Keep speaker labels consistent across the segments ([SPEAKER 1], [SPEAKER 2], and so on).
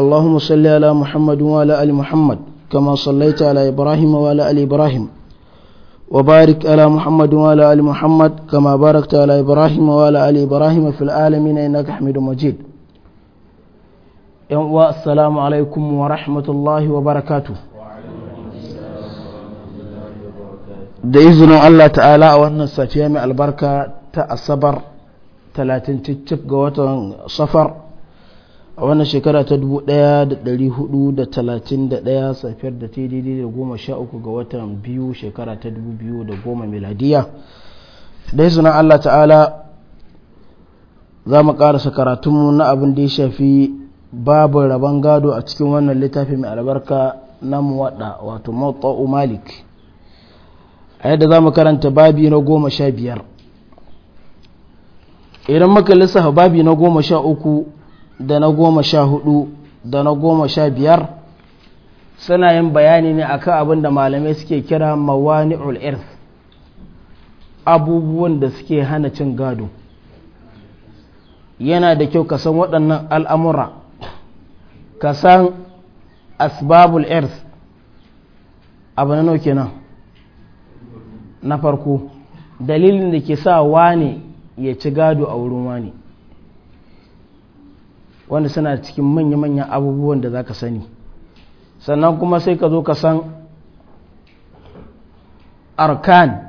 [SPEAKER 1] اللهم صل على محمد وعلى آل محمد كما صليت على إبراهيم وعلى آل إبراهيم وبارك على محمد وعلى آل محمد كما باركت على إبراهيم وعلى آل إبراهيم في العالمين إنك حميد مجيد السلام عليكم ورحمة الله وبركاته da izinin Allah ta'ala a wannan safiya mai albarka ta asabar 30 ga watan safar a wannan shekara ta 1431 safiyar da ta daidai da goma sha uku ga watan biyu shekara ta 2010 miladiya dai suna Allah ta'ala za mu karasa karatunmu na abin da ya shafi babu rabon gado a cikin wannan littafi mai albarka na muwaɗa wato mota malik a yadda za mu karanta babi na goma sha biyar idan muka lissafa babi na goma sha uku da na goma sha hudu da na goma sha biyar suna yin bayani ne a kan abin da malamai suke kira mawani'ul irth abubuwan da suke hana cin gado yana da kyau ka san waɗannan al'amura ka san asbabul irth abu na nauke nan na farko dalilin da ke sa wane ya ci gado a wurin wani. wanda suna cikin manya-manyan abubuwan da za ka sani sannan kuma sai ka zo ka san arkan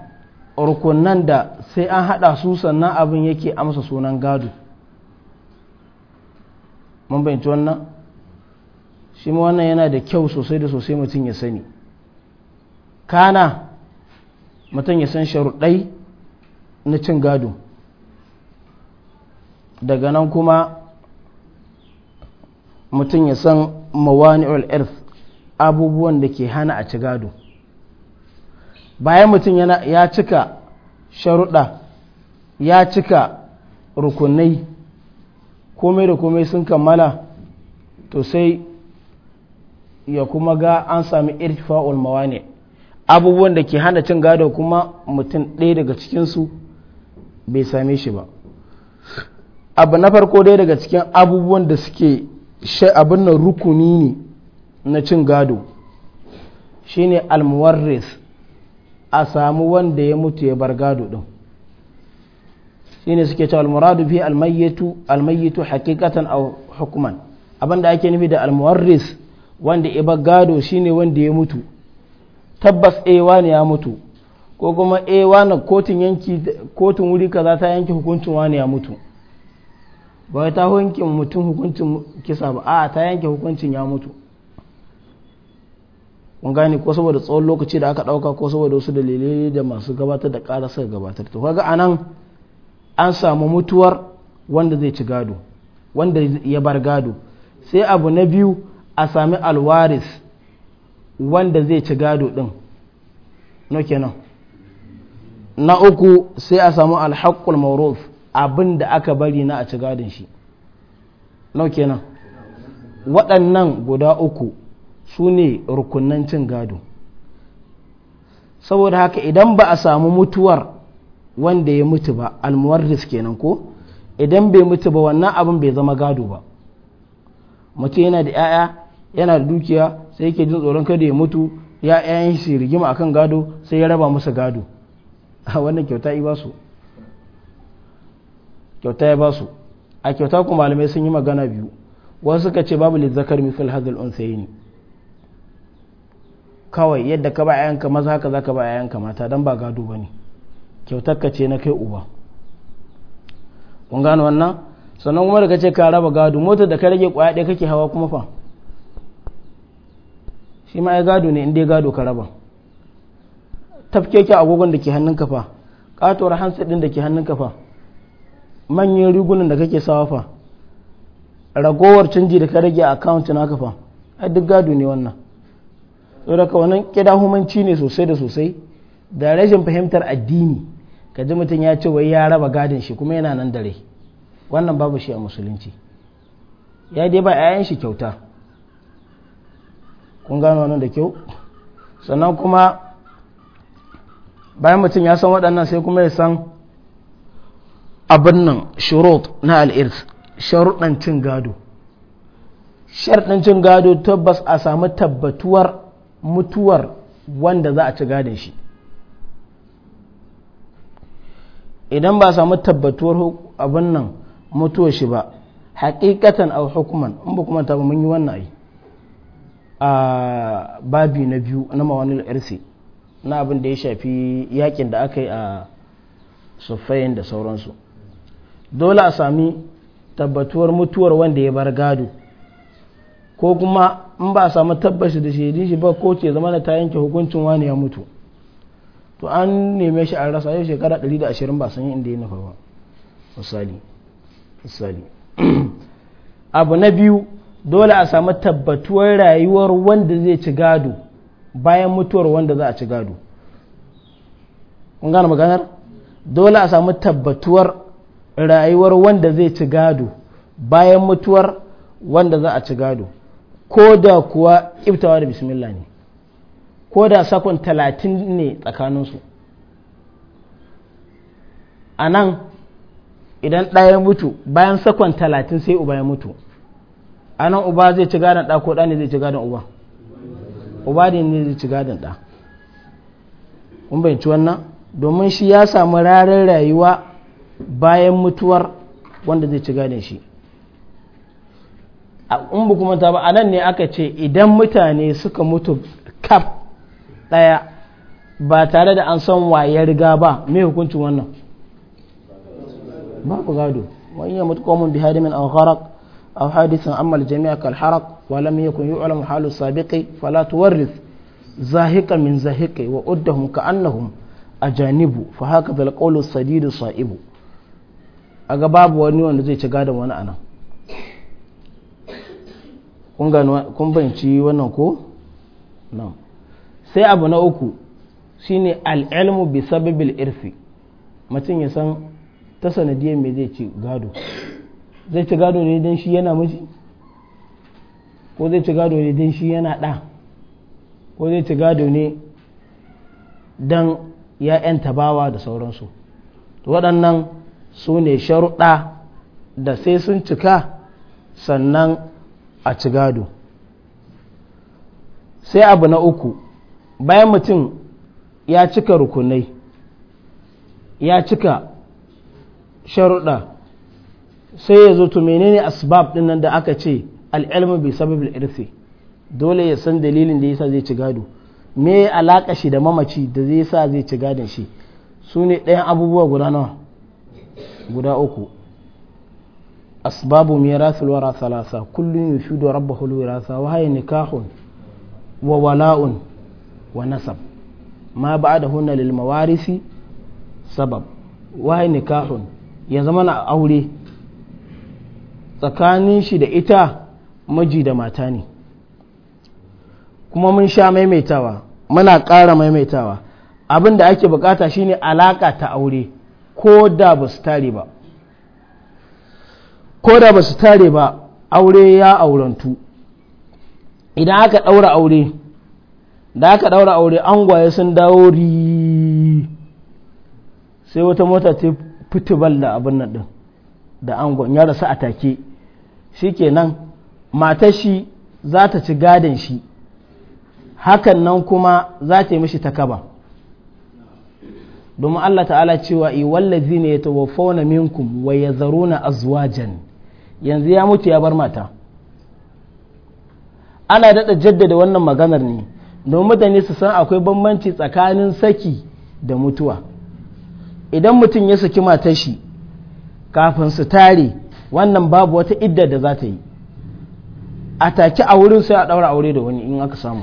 [SPEAKER 1] rukunan da sai an hada su sannan abin yake amsa sunan gado mun bayanci wannan shi ma wannan yana da kyau sosai da sosai mutum ya sani kana mutum ya san sharuɗai na cin gado daga nan kuma mutum ya san mawani'ul irth abubuwan da ke hana a ci gado bayan mutum ya cika sharuɗa ya cika rukunai komai da komai sun kammala to sai ya kuma ga an sami irfa'ul mawani abubuwan da ke hana cin gado kuma mutum ɗaya daga cikinsu bai same shi ba abu na farko ɗaya daga cikin abubuwan da suke abin nan rukuni ne na cin gado shine almuwarris a samu wanda ya mutu ya bar gado din shine suke cewa almuradu bi almayyitu almayyitu haqiqatan a hukman abinda ake nufi da almuwarris wanda ya bar gado shine wanda ya mutu tabbas ewa ne ya mutu ko kuma ewa na kotun yanki kotun wuri kaza ta yanke hukuncin wani ya mutu ba ya ta hukuncin mutum hukuncin kisa ba a ta yanke hukuncin ya mutu kun gane ko saboda tsawon lokaci da aka ɗauka ko saboda wasu dalilai da masu gabatar da ƙara suka gabatar to kaga anan an samu mutuwar wanda zai ci gado wanda ya bar gado sai abu na biyu a sami alwaris wanda zai ci gado din no kenan na uku sai a samu alhaqqul mawruf abin da aka bari na a ci gadon shi nau kenan waɗannan guda uku su ne rukunan cin gado saboda haka idan ba a samu mutuwar wanda ya mutu ba almuwarris kenan ko idan bai mutu ba wannan abin bai zama gado ba mutum yana da 'ya'ya yana da dukiya sai yake jin tsoron kada ya mutu ya 'ya'yan shi rigima akan gado sai ya raba musu gado a wannan kyauta i ba su kyauta ya basu a kyauta ku malamai sun yi magana biyu wasu suka ce babu zakar mithal hadhal unsayni kawai yadda ka ba yayanka maza haka zaka ba yayanka mata dan ba gado bane kyautar ka ce na kai uba kun gano wannan sannan kuma daga ce ka raba gado motar da ka rage kwaya ɗaya kake hawa kuma fa shi ma ya gado ne inda ya gado ka raba tafkeke agogon da ke hannunka fa katuwar hansu din da ke hannunka fa. manyan rigunan da kake sawa fa ragowar canji da ka rage a account naka fa a duk gado ne wannan saboda ka wannan kidahumanci ne sosai da sosai da rashin fahimtar addini ka ji mutum ya ce wai ya raba gadin shi kuma yana nan dare wannan babu shi a musulunci ya dai ba 'ya'yan shi kyauta kun gano wannan da kyau sannan kuma bayan mutum ya san waɗannan sai kuma ya san abin nan shurut na al'irs sharuɗancin gado sharuɗancin gado tabbas a samu tabbatuwar mutuwar wanda za a ci gadon shi idan ba a samu tabbatuwar abin nan mutuwar shi ba haƙiƙatan a hukuman in ba kuma ta mun yi wannan ai a babi na biyu na mawanin irsi na abin da ya shafi yakin da aka yi a sufayin da sauransu dole a sami tabbatuwar mutuwar wanda ya bar gado ko kuma in ba a samu tabbashi da shaidin shi ba ko ce zama da ta yanke hukuncin wani ya mutu to an neme shi a rasa yau shekara 120 ba san inda ya nufa ba misali misali abu na biyu dole a samu tabbatuwar rayuwar wanda zai ci gado bayan mutuwar wanda za a ci gado kun gane maganar dole a sami tabbatuwar rayuwar wanda zai ci gado bayan mutuwar wanda za a ci gado ko da kuwa kiftawa da bismillah ne ko da sakon talatin ne tsakaninsu a nan idan ɗaya mutu bayan sakon talatin sai uba ya mutu a nan uba zai ci gadon ɗa ko ɗa ne zai ci gadon uba uba ne ne zai ci gadon ɗa kun bayanci wannan domin shi ya samu rarar rayuwa bayan mutuwar wanda zai ci gane shi a ba kuma ta ba a nan ne aka ce idan mutane suka mutu kaf ɗaya ba tare da an san waye riga ba me hukuncin wannan babu gado wa iya mutu komun bi hadimin an harak a hadisin amma jami'a kal haraq wa lam yakun yu'lamu halu sabiqi fala tuwarrith zahika min zahiqi wa uddahum ka annahum ajanibu fa haka al qawlu sadidu sa'ibu kaga babu wani wanda zai ci gadon wani anan kun banci wannan ko? no sai abu na uku shine al'ilmu bi sababil irfi mutum ya san ta sanadiyar mai zai ci gado zai ci gado ne don shi yana miji ko zai ci gado ne don shi yana ɗa ko zai ci gado ne don ya'yan tabawa da sauransu waɗannan su ne sharuɗa da sai sun cika sannan a ci gado sai abu na uku bayan mutum ya cika rukunai ya cika sharuɗa sai ya zo to menene asbab ɗin nan da aka ce al'ilmu bi sababin irsi dole ya san dalilin da yasa zai ci gado me alaƙa shi da mamaci da zai sa zai ci gadon shi su ne ɗayan abubuwa guda nawa guda uku asbabu mirasul wara salasa kullum kullun yushudu rabbahu wirasa wa haini nikahun wa wala'un wa nasab ma ba'dahunna lil mawarisi sabab wa haini nikahun ya zama na aure tsakanin shi da ita maji da mata ne kuma mun sha maimaitawa muna ƙara maimaitawa abin da ake bukata shine alaka ta aure ko da ba su tare ba ko da ba tare ba aure ya aurantu idan aka ɗaura aure da aka ɗaura aure an gwaye sun dawo ri sai wata mota ce fiti da abin nan ɗin da gwaye ya rasu a take shi nan, matar shi za ta ci gadon shi hakan nan kuma za ta yi mishi takaba domin Allah ta'ala cewa i wallazi ne ya tawaffawna minkum wa na azuwajen yanzu ya mutu ya bar mata ana daɗa jaddada wannan maganar ne domin mutane su san akwai bambanci tsakanin saki da mutuwa idan mutum ya saki matashi kafin su tare wannan babu wata idda da za ta yi a take a wurin sai a ɗaura aure da wani in aka samu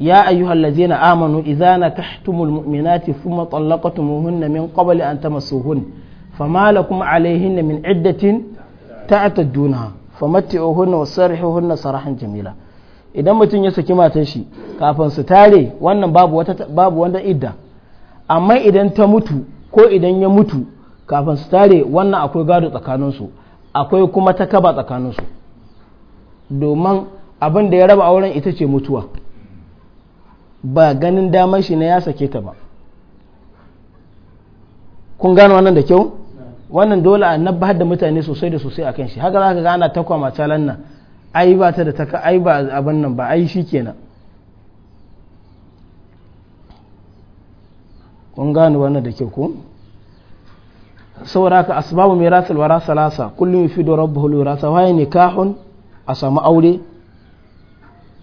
[SPEAKER 1] يا أيها الذين آمنوا إذا نكحتم المؤمنات ثم طلقتموهن من قبل أن تمسوهن فما لكم عليهن من عدة تعتدونها فمتعوهن وسرحوهن سراحا جميلا idan mutum ya saki matar shi kafin su tare wannan babu wata babu wanda idda amma idan ta mutu ko idan ya mutu kafin su tare wannan akwai gado tsakaninsu akwai kuma ta kaba tsakaninsu domin abin da ya raba auren ita ce mutuwa ba ganin damar shi na ya sake ta ba kun gano wannan da kyau wannan dole a na da mutane sosai da sosai a kan shi haka za ka gana ta kwama calan nan ai ba ta da ta ai ba abin nan ba ai shi kenan kun gano wannan da kyau ko saboda ka asbabu mirasul wara salasa kullum yafidu rabbuhu lurasa waye nikahun a samu aure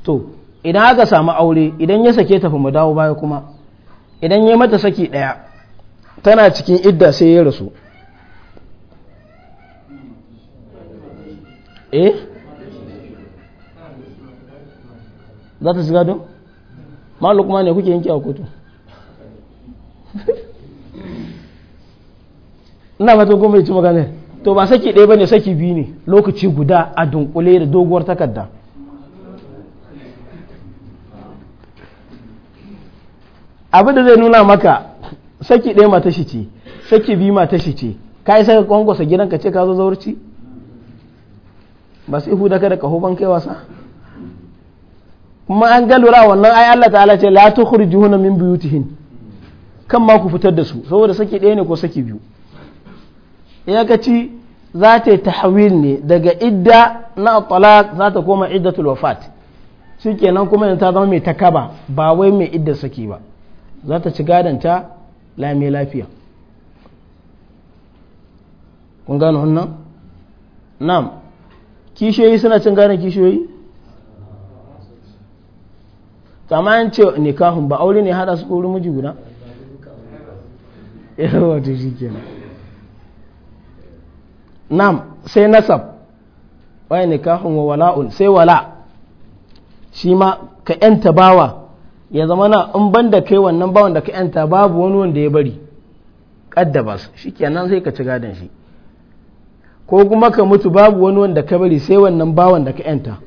[SPEAKER 1] to idan aka samu aure idan ya sake tafi mu dawo baya kuma idan ya mata saki ɗaya tana cikin idda sai ya rasu eh za ta shiga don? maluk ne kuke yanki a kotu ina fatan kuma ci magana to ba saki ɗaya ba ne saki biyu ne lokaci guda a dunkule da doguwar takarda abin da zai nuna maka saki ɗaya mata shi ce saki biyu mata shi ce ka yi saka kwankwasa gidan ka ce ka zo zaurci ba su ihu da ka da kahoban kai wasa kuma an ga lura wannan ai Allah ta'ala ce la tukhrijuhuna min buyutihin kan ma ku fitar da su saboda saki ɗaya ne ko saki biyu ya ka ci za ta yi tahawil ne daga idda na talaq za ta koma iddatul wafat shikenan kuma ta zama mai takaba ba wai mai idda saki ba za ta ci gadanta lami lafiya kun gano wannan nam kishiyoyi suna cin gadon kishiyoyi tsammanin ce nikahun ba aure ne hada su wurin miji guda ya wata shi kenan nam sai nasab wai nikahun wa wala'un sai wala shi ma ka yanta bawa ya zama na in ban da kai wannan bawan da ka yanta babu wani wanda ya bari kaddabas shi kenan sai ka ci gadon shi ko kuma ka mutu babu wani wanda ka bari sai wannan bawan da ka yanta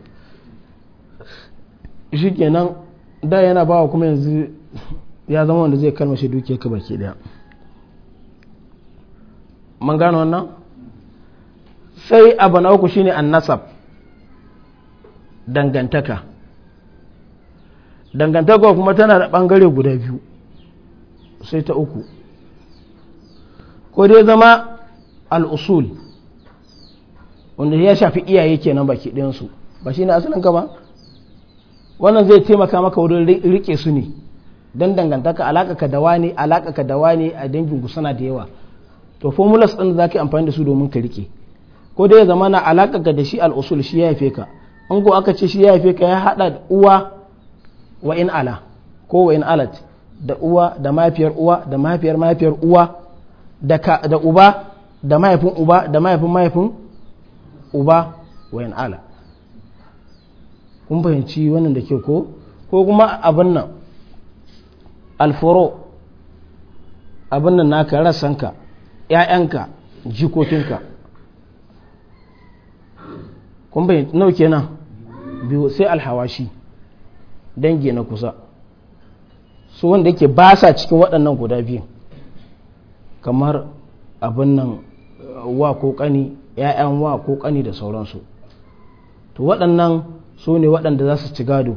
[SPEAKER 1] shi kenan da yana bawa kuma yanzu ya zama wanda zai kalmashi dukiyar ka baki daya man gano wannan sai abu na uku shine annasab dangantaka dangantaka kuma tana da bangare guda biyu sai ta uku ko dai zama al'usul wanda ya shafi iyaye kenan baki su ba shi ne asalin ka ba wannan zai taimaka maka wurin rike su ne don dangantaka alaƙaka da wani alaƙaka da wani a dangin ku da yawa to formulas ɗin za ka amfani da su domin ka rike ko dai zama na alaƙaka da shi al'usul shi ya haife ka in ko aka ce shi ya haife ka ya haɗa uwa wa in ala ko wa in alat da uwa da mafiyar uwa da mafiyar mafiyar uwa da ka da uba da mahaifin uba da mahaifin mahaifin uba wa in ala kun fahimci wannan da ke ko ko kuma abin nan alforo abin nan naka rasanka ‘ya'yanka jikokinka kun bayan nau kenan biyu sai alhawashi dangi na kusa su wanda yake ba sa cikin waɗannan guda biyu kamar abin nan wa ko ƙani ‘ya'yan wa ko ƙani da sauransu to waɗannan su ne waɗanda za su ci gado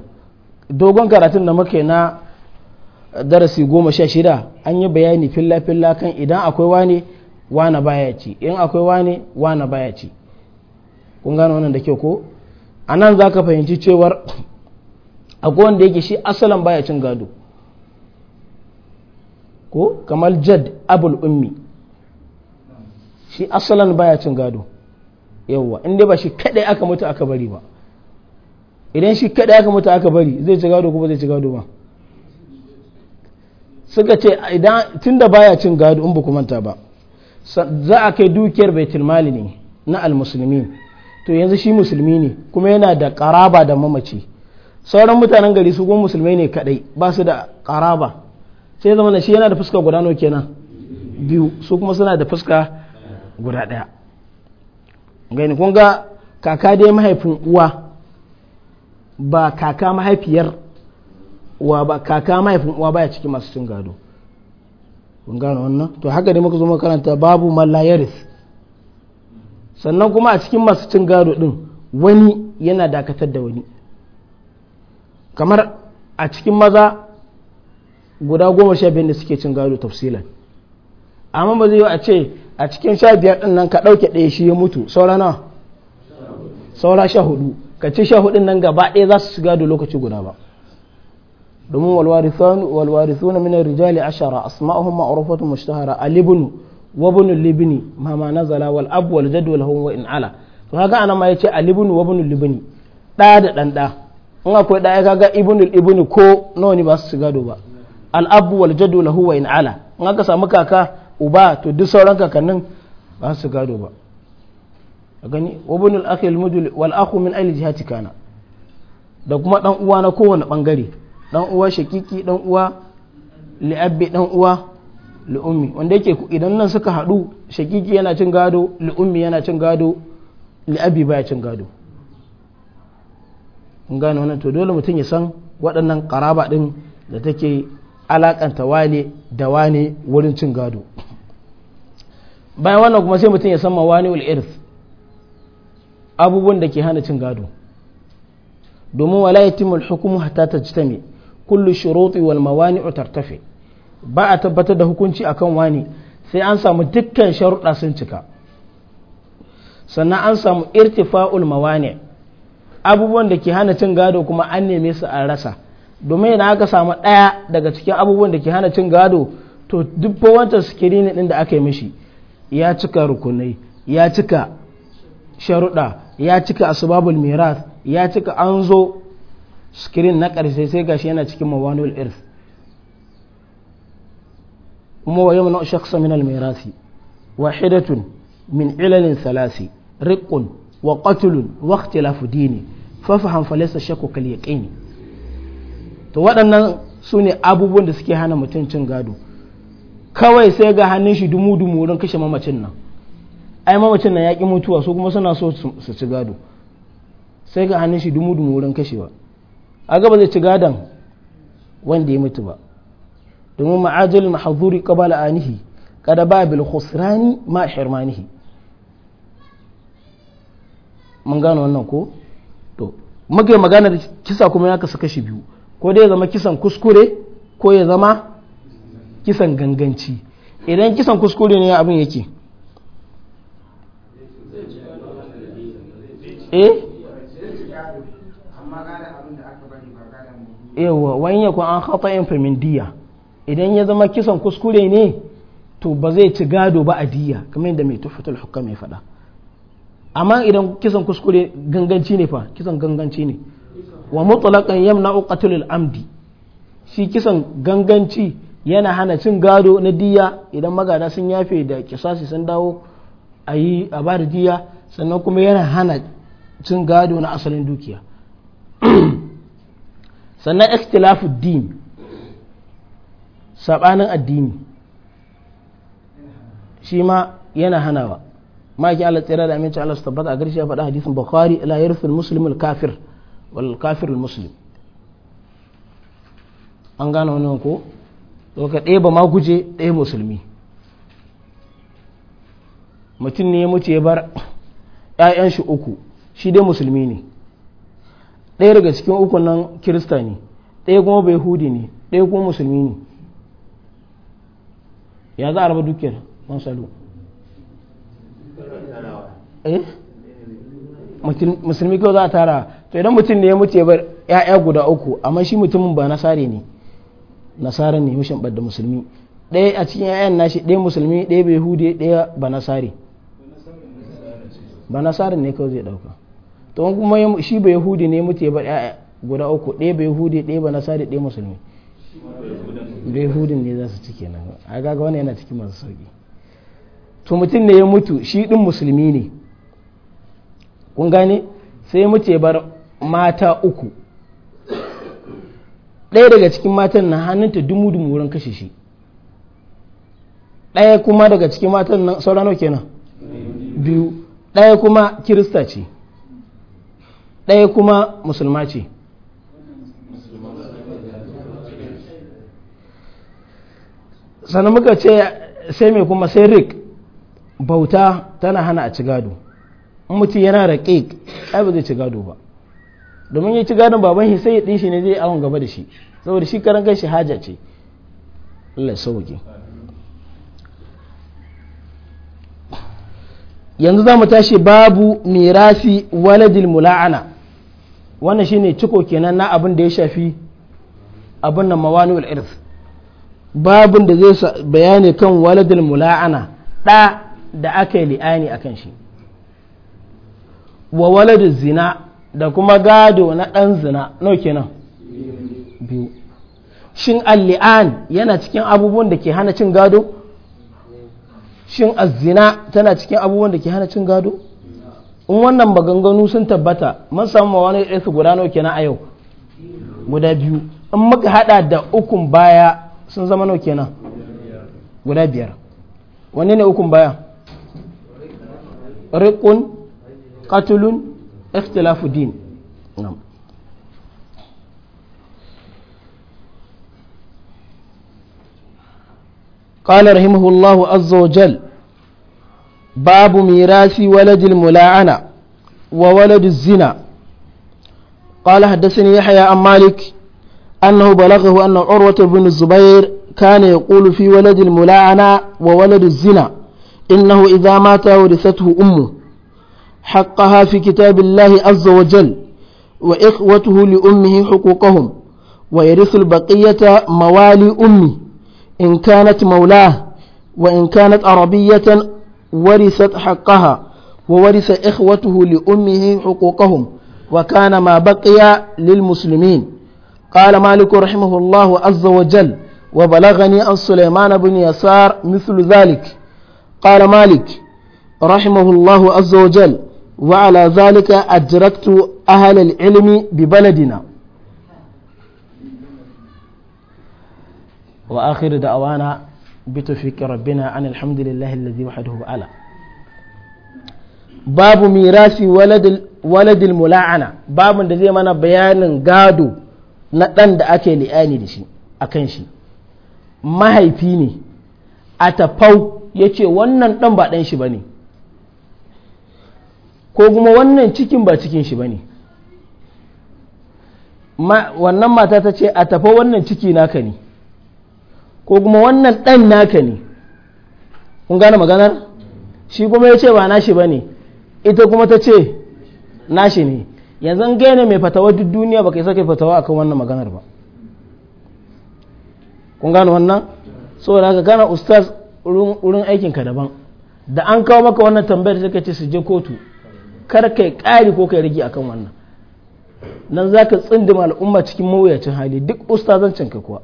[SPEAKER 1] dogon karatun da muke na darasi goma sha shida an yi bayani filla-filla kan idan akwai wani wane baya ci in akwai wane wane baya ci kun gane wannan da kyau ko a nan za ka fahimci cewar akwai wanda yake shi asalan baya cin gado ko kamar jad abul ummi shi asalan baya cin gado yawwa inda ba shi kadai aka mutu aka bari ba idan shi kadai aka mutu aka bari zai ci gado ko ba zai ci gado ba suka ce idan tunda baya cin gado in ba ku manta ba za a kai dukiyar baitul mali ne na almusulmi to yanzu shi musulmi ne kuma yana da karaba da mamaci sauran mutanen gari su kuma musulmai ne kadai ba su da karaba sai zama shi yana da fuska guda nawa kenan biyu su kuma suna da fuska guda daya gani kun ga kaka dai mahaifin uwa ba kaka mahaifiyar uwa ba kaka mahaifin uwa baya cikin masu cin gado kun gano wannan to haka dai muka zo makaranta babu malayaris sannan kuma a cikin masu cin gado din wani yana dakatar da wani kamar a cikin maza guda goma sha biyar da suke cin gado tafsilan amma ba zai yi a ce a cikin sha biyar ɗin nan ka ɗauke ɗaya shi ya mutu saura na saura sha hudu ka ci sha hudun nan gaba ɗaya za su ci gado lokaci guda ba domin suna min rijali ashara asma'uhum ma'rufatun mushtahara alibnu wa bunu libni ma ma nazala wal ab wal jad wal hum wa in ala to kaga ana ma yace alibnu wa bunu libni da da dan in akwai ɗaya kaga ibnul ibnu ko nawa ne ba su gado ba al'abu wal jaddu lahu wa in ala in aka samu kaka uba to duk sauran kakannin ba su gado ba a gani wabunul akhil mudul wal akhu min ayli jihati kana da kuma dan uwa na kowane bangare dan uwa shakiki dan uwa li'abbi dan uwa li'ummi wanda yake idan nan suka hadu shakiki yana cin gado li'ummi yana cin gado li'abbi baya cin gado kun gane wannan to dole mutum ya san waɗannan ƙaraba ɗin da take alaƙanta wane da wane wurin cin gado bayan wannan kuma sai mutum ya san mawani wal irth abubuwan da ke hana cin gado domin wala yatimu al hukmu hatta tajtami kullu shuruti wal mawani'u tartafi ba a tabbatar da hukunci akan wani sai an samu dukkan sharuɗa sun cika sannan an samu irtifa'ul mawani' abubuwan da ke hana cin gado kuma an neme su a rasa domin idan aka samu ɗaya daga cikin abubuwan da ke hana cin gado to duk wancan sikirini ɗin da aka yi mishi ya cika rukunai ya cika sharuɗa ya cika asbabul miras ya cika an zo sikirin na ƙarshe sai gashi yana cikin mawanul irth kuma wa yamna shakhsa min al mirasi wahidatun min ilalin salasi riqqun wa qatlun wa ikhtilafu dini fafaham falesa shakku kal yaqini to waɗannan su ne abubuwan da suke hana mutum cin gado kawai sai ga hannun shi dumu dumu wurin kashe mamacin nan ai mamacin nan ya ki mutuwa su kuma suna so su ci gado sai ga hannun shi dumu dumu wurin kashewa a gaba zai ci gadon wanda ya mutu ba domin ma'ajil mahaduri qabala anihi kada ba bil khusrani ma hirmanihi mun gano wannan ko muka yi maganar kisa kuma ya kasa kashi biyu ko dai ya zama kisan kuskure ko ya zama kisan ganganci idan kisan kuskure ne abin yake eh yawa wani yakun an hata'in famindiya idan ya zama kisan kuskure ne to ba zai ci gado ba a diya kamar yadda mai tufatul hukka mai faɗa amma idan kisan kuskure ganganci ne fa kisan ganganci ne wa mutlaqan yamna'u al amdi shi kisan ganganci yana hana cin gado na diya idan magada sun yafe da kisasi sun dawo a yi a ba da diya sannan kuma yana hana cin gado na asalin dukiya sannan ikhtilafu din sabanin addini shi ma yana hanawa ma ki Allah tsira da aminci Allah su tabbata a garshi ya faɗa hadisin bukhari la yarfil muslimul kafir wal kafirul muslim an gane wani ko to ka ɗaya ba ma guje ɗaya musulmi mutum ne ya mutu ya bar ‘ya'yan shi uku shi dai musulmi ne ɗaya daga cikin uku nan kirista ne ɗaya kuma bai hudi ne ɗaya kuma musulmi ne ya za a raba dukiyar man salo Eh? musulmi kyau za a tara to idan mutum ne ya mutu ya bar ya'ya guda uku amma shi mutumin ba nasare ne nasara ne mushin da musulmi ɗaya a cikin ya'yan nashi ɗaya musulmi ɗaya bai hude ɗaya ba nasare ba nasare ne kawai zai ɗauka to kuma shi bai hude ne mutu ya bar ya'ya guda uku ɗaya bai hude ɗaya ba nasare ɗaya musulmi bai hudin ne za su ci kenan a ga wani yana cikin masu sauki to mutum ne ya mutu shi ɗin musulmi ne kun gane sai ce bar mata uku ɗaya daga cikin matan na hannunta dumu-dumu wurin kashe shi ɗaya kuma daga cikin matan nan saura nawa kenan biyu ɗaya kuma kirista ce ɗaya kuma musulma ce sannan muka ce sai mai kuma sai rik bauta tana hana a ci gado mutum yana raƙe ai ba zai ci gado ba domin ya ci gado baban shi sai ya ɗin shi ne zai awon gaba da shi saboda shi karan kan shi haja ce Allah sauke yanzu za mu tashi babu mirasi waladil mula'ana wannan shine ciko kenan na abin da ya shafi abin nan mawani irth babin da zai bayani kan waladil mula'ana ɗa da aka yi li'ani a kan shi wa waladu zina da kuma gado na ɗan zina nau kenan biyu shin alli'an yana cikin abubuwan da ke hana cin gado shin azzina tana cikin abubuwan da ke hana cin gado in wannan maganganu sun tabbata mun samu wani ɗansu guda nau kenan a yau guda biyu in muka hada da ukun baya sun zama nau kenan guda biyar wanne ne ukun baya rikun qatlun ikhtilafu din nam qala rahimahullahu azza wa jal babu mirasi walad mula'ana wa walad zina qala hadathani yahya an malik أنه بلغه أن عروة بن الزبير كان يقول في ولد الملاعنة وولد الزنا إنه إذا مات ورثته أمه حقها في كتاب الله عز وجل وإخوته لأمه حقوقهم ويرث البقية موالي أمه إن كانت مولاه وإن كانت عربية ورثت حقها وورث إخوته لأمه حقوقهم وكان ما بقي للمسلمين قال مالك رحمه الله عز وجل وبلغني أن سليمان بن يسار مثل ذلك قال مالك رحمه الله عز وجل وعلى ذلك أدركت أهل العلم ببلدنا وآخر دعوانا بتوفيق ربنا أن الحمد لله الذي وحده ألا باب ميراث ولد ولد الملاعنة باب da zai mana bayanin gado na ɗan da ake li'ani da shi a kan shi mahaifi ne a tafau wannan ɗan ba ɗan shi ba ko kuma wannan cikin ba cikin shi ba ne wannan mata ta ce a tafa wannan ciki naka ne ko kuma wannan ɗan naka ne kun gane maganar shi kuma ya ce ba nashi ba ne ita kuma ta ce nashi ne yanzu an gane mai fatawa duk duniya ka isa kai fatawa akan wannan maganar ba kun gane wannan saboda haka gana ustaz wurin aikinka daban da an kawo maka wannan tambayar da kake ce su je kotu kar kai ƙari ko kai rage kan wannan nan za ka tsindima al'umma cikin mawuyacin hali duk ustazancin ka kuwa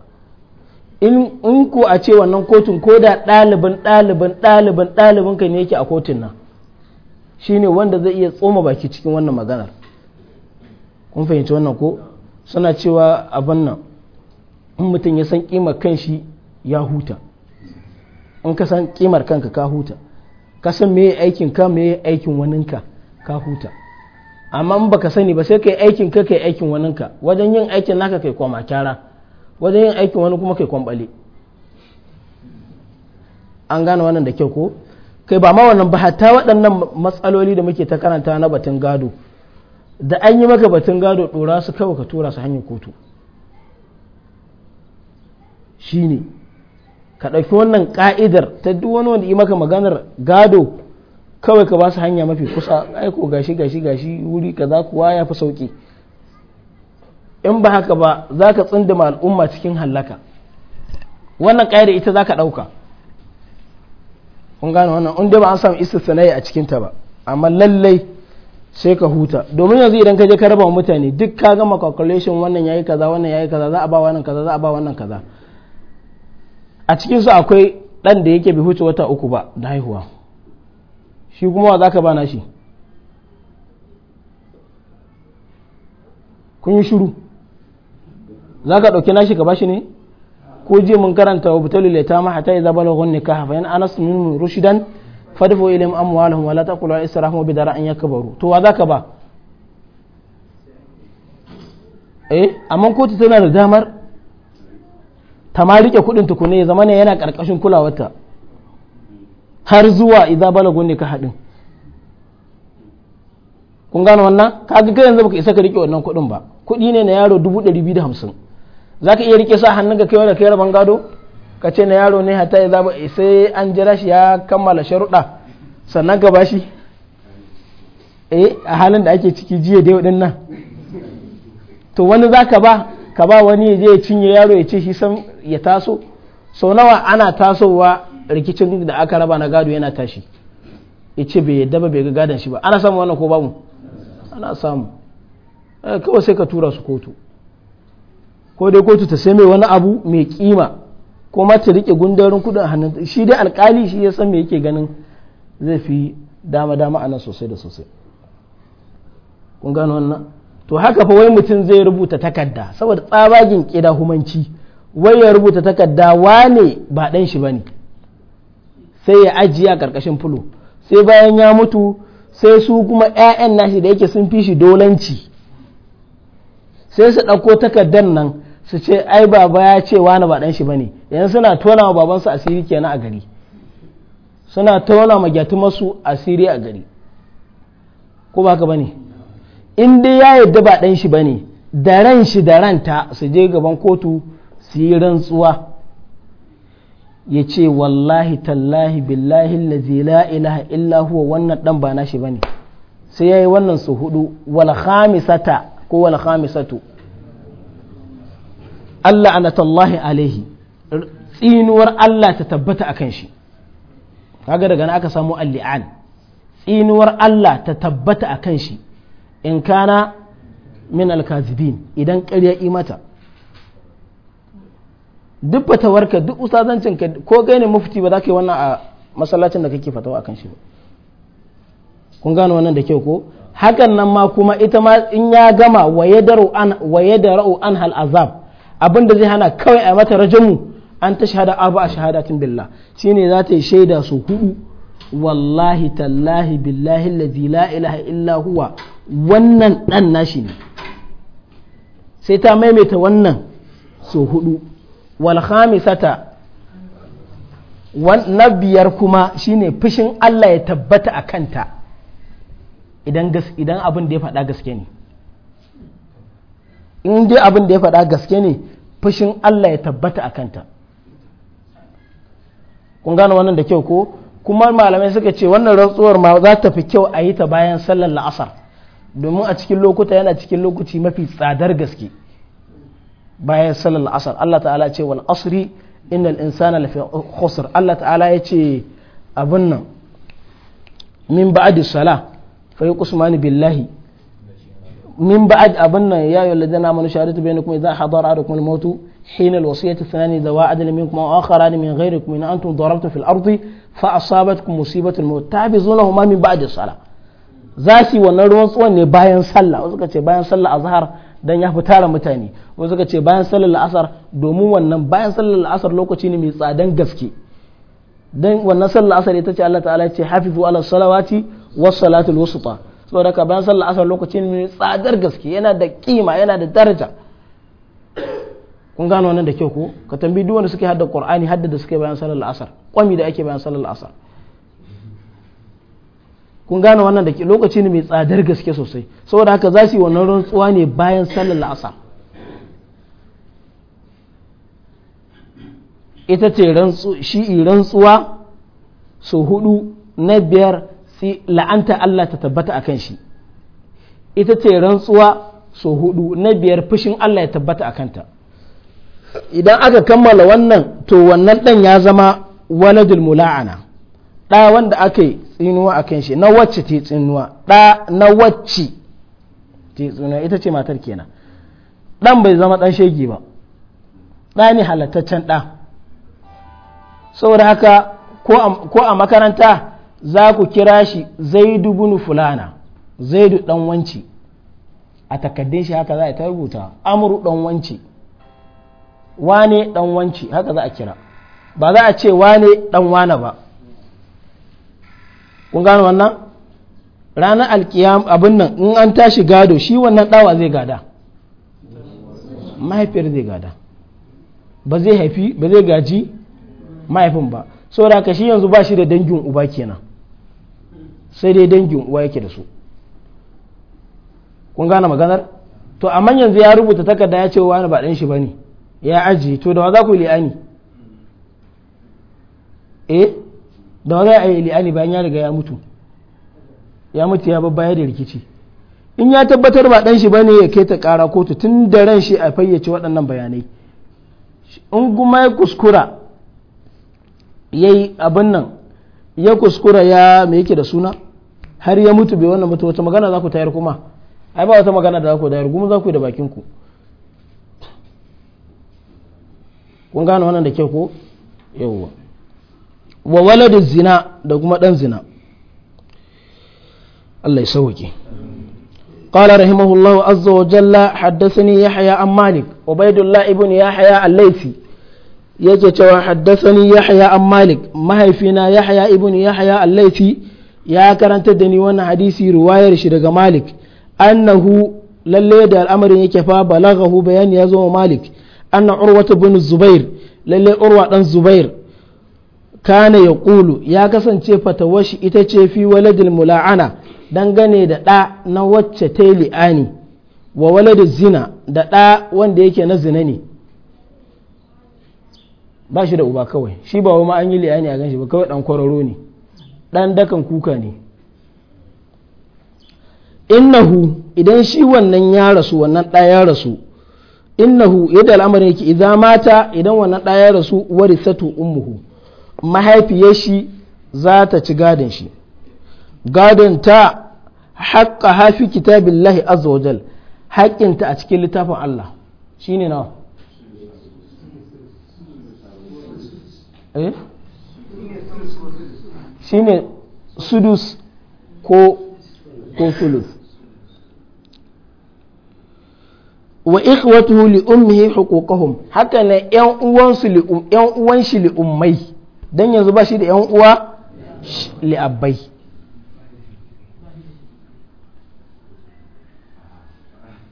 [SPEAKER 1] in ku a ce wannan kotun ko da ɗaliban ɗaliban ɗaliban ɗaliban ka ne yake a kotun nan ne wanda zai iya tsoma baki cikin wannan maganar kun fahimci wannan ko suna cewa abin nan in mutum ya san kimar kanshi ya huta in ka san kimar kanka ka huta ka san me aikin ka me aikin waninka ka huta amma in baka sani ba sai kai aikin ka kai aikin wani ka wajen yin aikin naka kai koma kyara wajen yin aikin wani kuma kai kwambale an gane wannan da kyau ko kai ba ma wannan ba hatta waɗannan matsaloli da muke ta karanta na batun gado da an yi maka batun gado ɗora su kawai ka tura su hanyar kotu shine ka ɗauki wannan ka'idar ta duk wani wanda yi maka maganar gado kawai ka ba su hanya mafi kusa aiko gashi gashi gashi wuri kaza kuwa ya fi sauki in ba haka ba za ka tsindima al'umma cikin hallaka wannan ƙa'ida ita za ka ɗauka kun gane wannan inda ba an samu istisnai a cikin ta ba amma lallai sai ka huta domin yanzu idan ka je ka raba wa mutane duk ka gama calculation wannan yayi kaza wannan yayi kaza za a ba wannan kaza za a ba wannan kaza a cikin su akwai dan da yake bai huce wata uku ba da haihuwa shi kuma wa za ka ba shi kun yi shuru za ka ɗauki nashi ka ba shi ne ko je mun karanta wa butalu leta ma hata yi zabala gun ne kaha fayan anas min rushidan fadifo ilim amwalahum wa la taqulu israhum bi an yakbaru to wa za ka ba eh amma kotu tana da damar ta ma rike kudin tukune ya zama ne yana karkashin kulawarta har zuwa idza balagun ne ka haɗin kun gane wannan kaga kai yanzu baka isa ka rike wannan kuɗin ba kuɗi ne na yaro dubu ɗari biyu da hamsin za ka iya rike sa hannun ka kai wanda kai raban gado ka ce na yaro ne hata ya zaba sai an jira shi ya kammala sharuɗa sannan ka bashi eh a halin da ake ciki jiya da yau nan to wani za ka ba ka ba wani ya je ya cinye yaro ya ce shi san ya taso sau nawa ana tasowa rikicin da aka raba na gado yana tashi ice bai yadda ba bai ga gadon shi ba ana samu wannan ko babu ana samu eh, kawai sai ka tura su kotu ko dai kotu ta sai mai wani abu mai kima ko ma ta rike gundarin kudin hannun shi dai alkali shi ya san me yake ganin zai fi dama dama anan sosai da sosai kun gano wannan to haka fa wai mutum zai rubuta takarda saboda tsabagin kidahumanci wai ya rubuta takarda wane ba dan shi bane sai ya ajiye a ƙarƙashin fulo sai bayan ya mutu sai su kuma 'ya'yan nashi da yake sun fi shi dolanci sai su ɗauko takardar nan su ce ai baba ya ce wani ba ɗan shi ne yanzu suna tona wa babansu asiri kenan a gari suna tona ma masu asiri a gari ko ba ka ne in dai ya yadda ba ɗan shi ne da ran shi da ranta su je gaban kotu su yi rantsuwa ya ce wallahi tallahi billahi lazi la ilaha illa huwa wannan dan ba nashi bane sai yayi wannan su hudu wal khamisata ko wal khamisatu Allah anatallahi alaihi tsinuwar Allah ta tabbata akan shi kaga daga nan aka samu al-li'an tsinuwar Allah ta tabbata akan shi in kana min al-kazibin idan ƙarya imata duk fatawarka duk usazancin ka ko kai ne mufti ba za ka yi wannan a masallacin da kake fatawa akan shi ba kun gano wannan da kyau ko hakan nan ma kuma ita ma in ya gama wayadarau da rau an hal azab abin da zai hana kawai a mata rajamu an ta shahada abu a shahadatin billah shine za ta yi shaida su hudu wallahi tallahi billahi lazi la ilaha wannan dan nashi ne sai ta maimaita wannan su hudu wal khamisata na biyar kuma shine fushin Allah ya tabbata a kanta idan abin da ya faɗa gaske ne in dai abin da ya faɗa gaske ne fushin Allah ya tabbata a kanta kun gane wannan da kyau ko kuma malamai suka ce wannan rantsuwar ma za ta fi kyau a yi ta bayan sallar la'asar domin a cikin lokuta yana cikin lokaci mafi tsadar gaske bayan sallar asar Allah ta'ala ce wal asri innal insana lafi khusr Allah ta'ala ya ce abin nan min ba'di sala fa yuqsimani billahi من بعد أبنا يا أيها الذين آمنوا شهادة بينكم إذا حضر أحدكم الموت حين الوصية الثانية ذوى عدل منكم أو آخران من غيركم إن أنتم ضربتم في الأرض فأصابتكم مصيبة الموت تعبزونهما من بعد الصلاة za su yi wannan ruwan tsohon ne bayan sallah wasu ce bayan salla a zahar dan ya fi tara mutane wasu suka ce bayan sallar la'asar domin wannan bayan sallar la'asar lokaci ne mai tsadan gaske dan wannan sallar la'asar ita ce Allah ta'ala ya ce hafizu ala salawati was salatul wusta saboda ka bayan sallar la'asar lokaci ne mai tsadar gaske yana da kima yana da daraja kun gano wannan da kyau ko ka tambayi duk wanda suke hadda qur'ani hadda da suke bayan sallar la'asar kwami da ake bayan sallar la'asar kun gane wannan da ke lokaci ne mai tsadar gaske sosai saboda haka za su yi wannan rantsuwa ne bayan sallar la'asar ita ce rantsuwa su hudu na biyar sai la'anta Allah ta tabbata a kan shi ita ce rantsuwa su hudu na biyar fushin Allah ya tabbata a kanta idan aka kammala wannan to wannan dan ya zama waladul mula'ana ɗa wanda aka yi tsinuwa a kan shi na wacce ta tsinuwa ɗa na wacce ta tsinuwa ita ce matar kenan ɗan bai zama ɗan shegi ba ɗa ne halattaccen ɗa saboda haka ko a makaranta za ku kira shi zaidu bunu fulana zaidu ɗan wanci a takaddun shi haka za a ta rubuta amuru ɗan wanci wane ɗan wanci haka za a kira ba za a ce wane ɗan wane ba kun gano wannan ranar alkiyam abin nan in an tashi gado shi wannan dawa zai gada mahaifiyar zai gada ba zai haifi ba zai gaji mahaifin ba saboda ka shi yanzu ba shi da dangin uba kenan sai dai dangin uwa yake da su kun gane maganar to amma yanzu ya rubuta takarda ya ce wa ba dan shi bane ya aji to da wa za ku li'ani eh da za a yi li'ani bayan ya riga ya mutu ya mutu ya ya da rikici in ya tabbatar ba ɗanshi ba ne ya keta ta kara kotu tun da ran shi a fayyace waɗannan bayanai in kuma ya kuskura yi abin nan ya kuskura ya me yake da suna har ya mutu bai wannan mutu wata magana za ku tayar kuma ai ba wata magana da za ku tayar kuma za ku yi da bakin ku kun gane wannan da kyau ko yawwa wa waladin zina da kuma dan zina Allah ya sauke قال رحمه الله عز وجل حدثني يحيى عن مالك عبيد الله ابن يحيى الليثي yake cewa haddasani yahya an malik mahaifina yahya ibn yahya al-laifi ya karanta da ni wannan hadisi riwayar shi daga malik annahu lalle da al'amarin yake fa balaghahu bayani ya zama malik anna urwata ibn zubair lalle urwa dan zubair kana ya ƙulu ya kasance fatawashi ita ce fi waladin mula'ana dangane da ɗa na wacce ta yi li'ani wa waladin zina da ɗa wanda yake na zina ne ba shi da uba kawai shi ba ma an yi li'ani a gan shi ba kawai ɗan kwararo ne ɗan dakan kuka ne innahu idan shi wannan ya rasu wannan ɗa ya rasu innahu yadda al'amarin yake idan mata idan wannan ɗa ya rasu warisatu ummuhu mahaifiyar shi za ta ci gadon shi gadon ta haƙƙa hafi kitabin lahi azawajal haƙƙinta a cikin littafin Allah Shi ne na eh? Shi ne sudus ko kofulus wa ikhwatuhu li ummihi hukukahum haka ne yan uwansu li yan um, uwan shi li ummai don yanzu ba shi da yan uwa li'abbai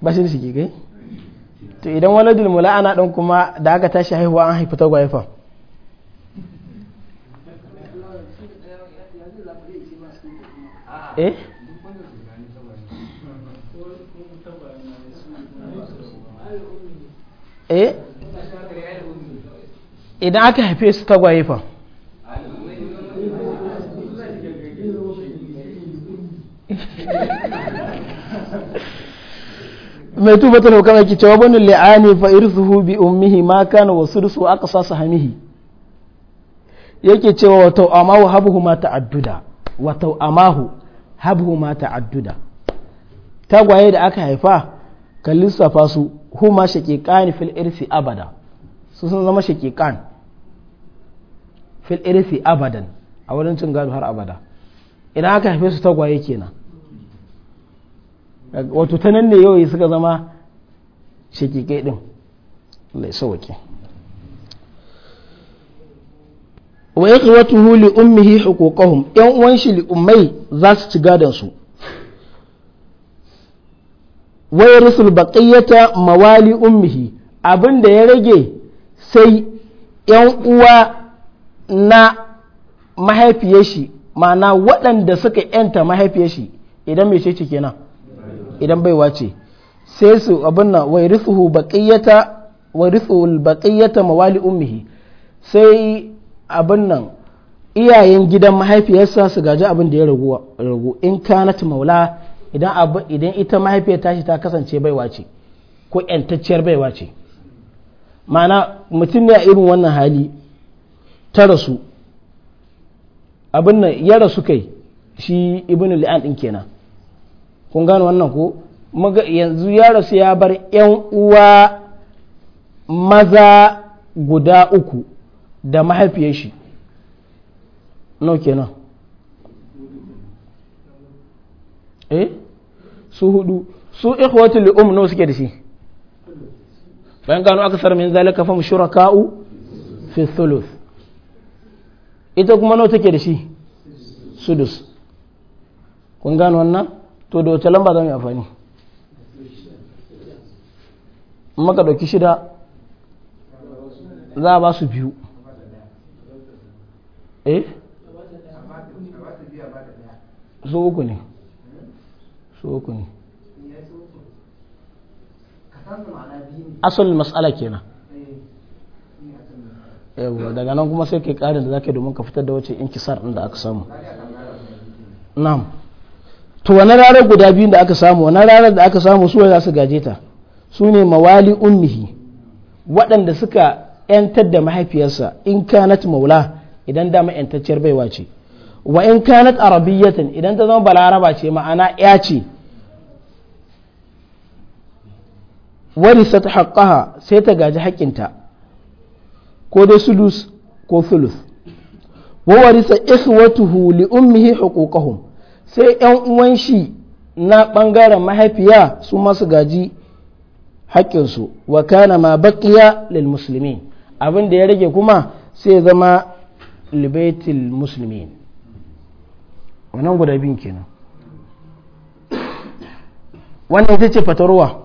[SPEAKER 1] ba shi da shi gai to idan waladul mula'ana ɗin kuma da aka tashi haihuwa an haifi ta gwaifa eh eh idan aka haife su ta gwaifa mai ta hukama ki cewa banu li'ani fa irsuhu bi ummihi ma kana wa sudsu aqsa sahmihi yake cewa wa tawamahu habuhu ma ta'adduda wa tawamahu habuhu ma ta'adduda tagwaye da aka haifa kan fa su huma shaqiqan fil irsi abada su sun zama shaqiqan fil irsi abadan a wurin cin gado har abada idan aka haife su tagwaye kenan wato ta nan ne yau suka zama shakikai din lai sauke wa ikhwatuhu huli ummihi huquqahum yan uwan shi li'ummai za su ci gadon su wa rusul baqiyata mawali ummihi abinda ya rage sai yan uwa na mahaifiyar shi ma'ana waɗanda suka yanta mahaifiyar shi idan mai ce kenan idan bai wace sai su abin nan wai rithuhu baqiyata wa mawali ummihi sai abin nan iyayen gidan mahaifiyarsa su gaji abin da ya ragu in kanat maula idan idan ita mahaifiyar tashi ta kasance baiwa ce ko yantacciyar baiwa ce ma'ana mutum ne a irin wannan hali ta rasu abin nan ya rasu kai shi ibn li'an din kenan kun gano wannan ko yanzu ya rasu ya bar yan uwa maza guda uku da mahaifiyar shi no kenan eh su hudu su ikhwatul um no suke da shi bayan gano akasar min zalika fa shuraka'u fi thuluth ita kuma no take da shi sudus kun gano wannan to da wace lamba za mu yi amfani maka ɗauki shida za a ba su biyu eh so uku ne so uku ne asalin mas'ala kenan yawon daga nan kuma sai ke karin da zaka domin ka fitar da wacce inkisar din da aka samu na'am to wani rarar guda biyun da aka samu wani rarar da aka samu su za su gaje ta su ne mawali ummihi waɗanda suka ‘yantar da mahaifiyarsa in kanat maula idan dama ‘yantacciyar baiwa ce wa in kanat arabiyyatan idan ta zama balaraba ce ma'ana ‘ya ce warisa ta haƙaha sai ta gaji haƙƙinta ko dai sudus ko filus wa warisa ikhwatuhu li ummihi huƙuƙahum sai ‘yan uwan shi na ɓangaren mahaifiya su masu gaji haƙƙinsu wa kana ma baƙiya lil musulmin abin da ya rage kuma sai zama libaitul musulmi wannan guda biyun kenan wannan ita ce fatarwa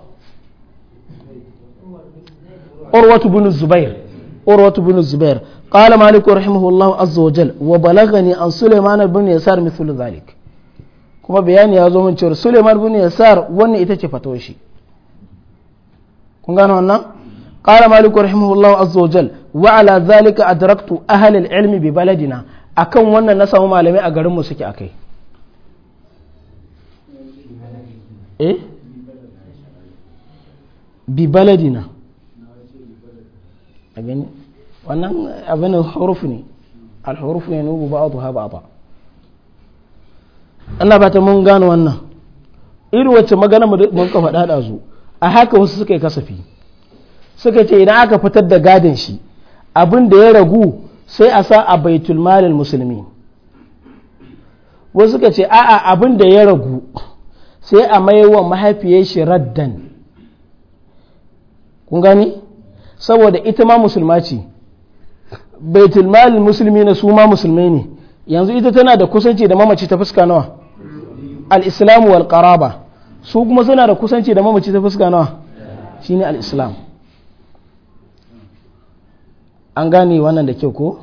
[SPEAKER 1] urwatu bin zubair urwatu bin zubair قال مالك رحمه الله عز وجل وبلغني عن سليمان بن يسار مثل ذلك kuma bayani ya zo mun cewa Suleiman ibn Yasar wannan ita ce fatawar shi kun gano wannan qala malik rahimahullahu azza wajal wa ala zalika adraktu ahli al ilm bi baladina akan wannan na samu malamai a garin mu suke akai eh bi baladina abin wannan abin huruf ne al-huruf ne nubu ba'daha Allah ba ta mun gano wannan irin wacce magana mun ka faɗa zu a haka wasu suka yi kasafi suka ce idan aka fitar da gadin shi abin da ya ragu sai a sa a baitul malil musulmi wasu suka ce a'a abin da ya ragu sai a wa mahaifiyar shi raddan kun gani saboda ita ma musulma ce baitul malil musulmi na su ma musulmai ne yanzu ita tana da kusanci da mamaci ta fuska nawa al-islamu wal qaraba su kuma suna da kusanci da mamaci ta fuska nawa shine al-islam an gane wannan da kyau ko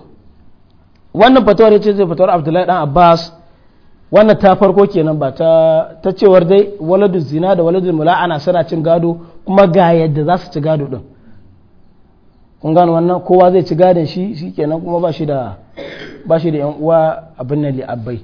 [SPEAKER 1] wannan fatawar ya ce zai fatawar abdullahi dan abbas wannan ta farko kenan ba ta ta cewar dai waladu zina da mula ana suna cin gado kuma ga yadda za su ci gado din kun gano wannan kowa zai ci gadon shi shi kenan kuma ba shi da ba shi da yan uwa abin nan li'abbai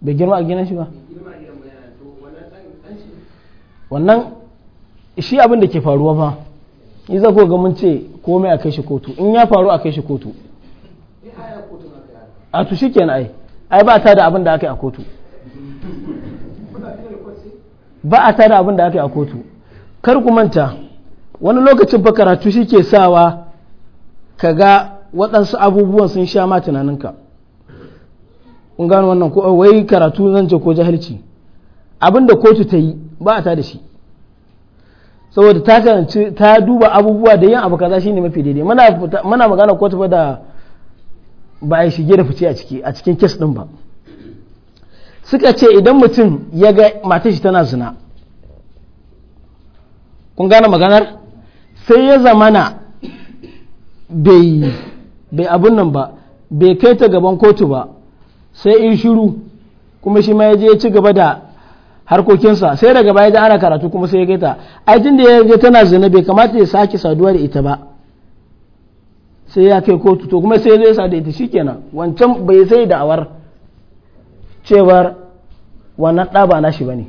[SPEAKER 1] bai girma a gina shi ba wannan shi abin da ke faruwa ba yi za ga mun ce kome a kai shi kotu in ya faru a kai shi kotu a to shikenan ai ai ba ta da abin da aka yi a kotu ba a ta da abin da aka yi a kotu kar ku manta wani lokacin fa karatu shi ke sawa ka ga waɗansu abubuwan sun sha ma tunaninka kun gano wannan ko oh, wai karatu zan ce ko jahilci abinda kotu ta yi ba a ta da shi saboda ta karanci ta duba abubuwa da yin abu kaza shine mafi daidai muna magana kotu ba da ba a shige da fice a ciki a cikin kes din ba suka ce idan mutum ya ga matar shi tana zina kun gane maganar sai ya zamana bai abun nan ba bai kai ta gaban kotu ba sai in shiru kuma shi ma ya je ci gaba da harkokinsa sai daga baya da ana karatu kuma sai ya gaita ai tun da ya je tana zina bai kamata ya sake saduwa da ita ba sai ya kai kotu to kuma sai ya zo ya sadu ita shikenan wancan bai sai da'awar cewar wannan ɗa ba nashi bane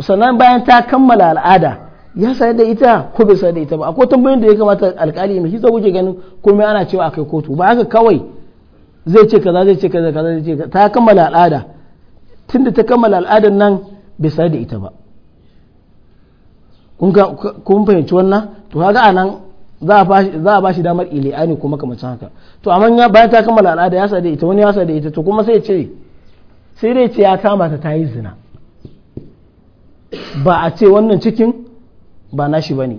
[SPEAKER 1] sannan bayan ta kammala al'ada ya sayar da ita ko bai sayar da ita ba akwai tambayoyin da ya kamata alkali mai shi kuke ganin komai ana cewa akai kotu ba haka kawai zai ce kaza zai ce kaza kaza zai ce ta kammala al'ada tunda ta kammala al'adan nan bai sai da ita ba kun fahimci wannan to kaga anan za a ba shi damar ili'ani kuma kamar haka to amma ya bayan ta kammala al'ada ya da ita wani ya da ita to kuma sai ce sai dai ce ya kama ta tayi zina ba a ce wannan cikin ba nashi bane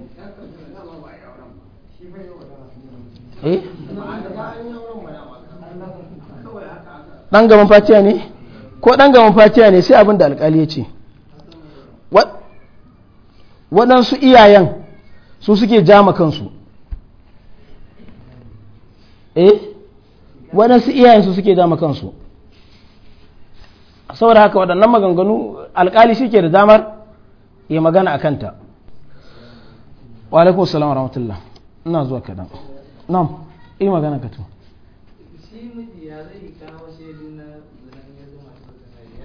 [SPEAKER 1] eh dan gaban fatiya ne ko dan gaban fatiya ne sai abin da alƙali ya ce waɗansu iyayen su suke jama kansu eh waɗansu iyayen su suke jama kansu saboda haka waɗannan maganganu alƙali shi ke da damar ya magana a kanta wa alaikun salam wa rahmatullah ina zuwa kaɗan nan yi magana ka to